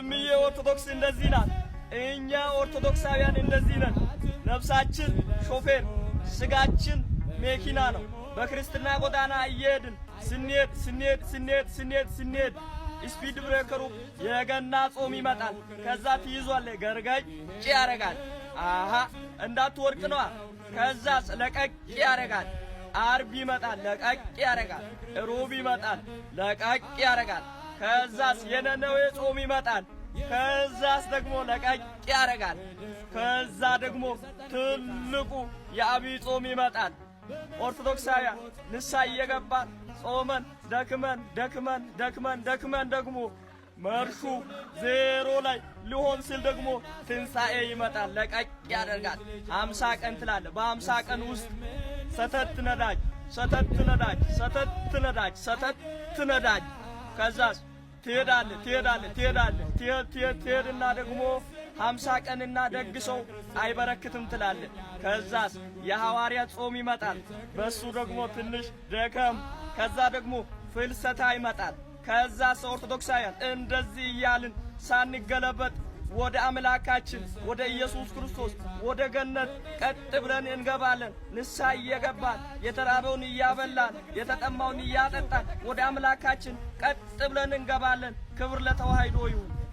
እምዬ ኦርቶዶክስ እንደዚህ ናት። እኛ ኦርቶዶክሳውያን እንደዚህ ነን። ነፍሳችን ሾፌር፣ ስጋችን መኪና ነው። በክርስትና ጎዳና እየሄድን ስንሄድ ስንሄድ ስንሄድ ስንሄድ ስንሄድ ስፒድ ብሬከሩ የገና ጾም ይመጣል። ከዛ ትይዟል፣ ገርጋጭ ያረጋል። እንዳት እንዳትወርቅ ነዋ። ከዛ ለቀቅ ያረጋል። አርብ ይመጣል፣ ለቀቅ ያረጋል። ሮብ ይመጣል፣ ለቀቅ ያረጋል። ከዛስ የነነዌ ጾም ይመጣል። ከዛስ ደግሞ ለቀቅ ያደርጋል። ከዛ ደግሞ ትልቁ የአብይ ጾም ይመጣል። ኦርቶዶክሳውያን ንሳ እየገባን ጾመን ደክመን ደክመን ደክመን ደክመን ደግሞ መርሹ ዜሮ ላይ ሊሆን ሲል ደግሞ ትንሣኤ ይመጣል። ለቀቅ ያደርጋል። አምሳ ቀን ትላለ። በአምሳ ቀን ውስጥ ሰተት ነዳጅ ሰተት ነዳጅ ሰተት ነዳጅ ሰተት ነዳጅ ከዛስ ትሄዳለህ ትሄዳለህ ትሄዳለህ ትሄድ ትሄድ ትሄድና ደግሞ ሀምሳ ቀንና ደግ ሰው አይበረክትም ትላለህ። ከዛስ የሐዋርያ ጾም ይመጣል። በሱ ደግሞ ትንሽ ደከም። ከዛ ደግሞ ፍልሰታ ይመጣል። ከዛስ ኦርቶዶክሳውያን እንደዚህ እያልን ሳንገለበጥ ወደ አምላካችን ወደ ኢየሱስ ክርስቶስ ወደ ገነት ቀጥ ብለን እንገባለን። ንሳ እየገባን የተራበውን እያበላን የተጠማውን እያጠጣን ወደ አምላካችን ቀጥ ብለን እንገባለን። ክብር ለተዋሕዶ ይሁን።